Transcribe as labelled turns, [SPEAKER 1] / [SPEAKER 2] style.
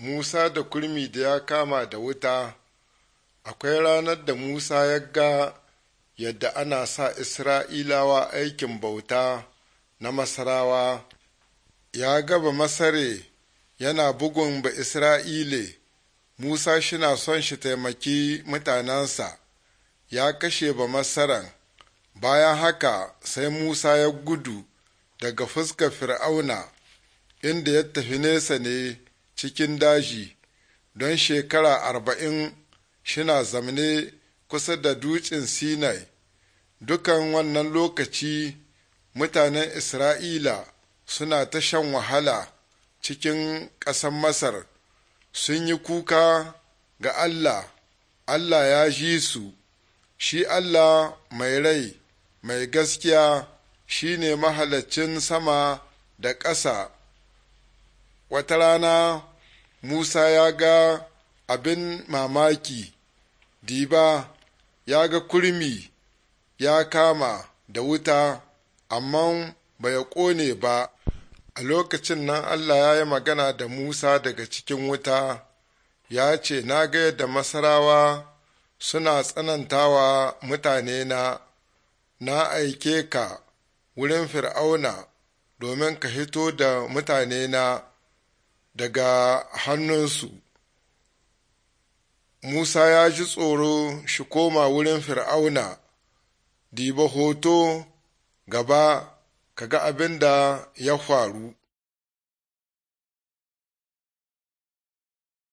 [SPEAKER 1] Musa da kurmi da ya kama da wuta, akwai ranar da Musa ya ga yadda ana sa Isra'ilawa aikin bauta na Masarawa, ya gaba Masare yana bugun ba Isra'ile, Musa shi na son shi taimaki mutanensa, ya kashe ba Masaran, bayan haka sai Musa ya gudu daga fuskar Fir'auna, inda ya tafi nesa ne. cikin daji don shekara arba'in shina zamne kusa da dutsen Sinai, dukan wannan lokaci mutanen Isra'ila suna ta shan wahala cikin ƙasan Masar, sun yi kuka ga Allah, Allah ya ji su, shi Allah mai rai, mai gaskiya, shi ne mahalaccin sama da ƙasa. wata rana Musa ya ga abin mamaki, diba ya ga kurmi ya kama da wuta, amma ba ya ƙone ba, a lokacin nan Allah ya yi magana da Musa daga cikin wuta, ya ce, Na ga yadda masarawa suna tsanantawa mutane na, na aike ka wurin fir'auna domin ka hito da mutane na. daga hannunsu Musa ya ji tsoro shi koma wurin Fir'auna, diba hoto gaba kaga abin da ya faru.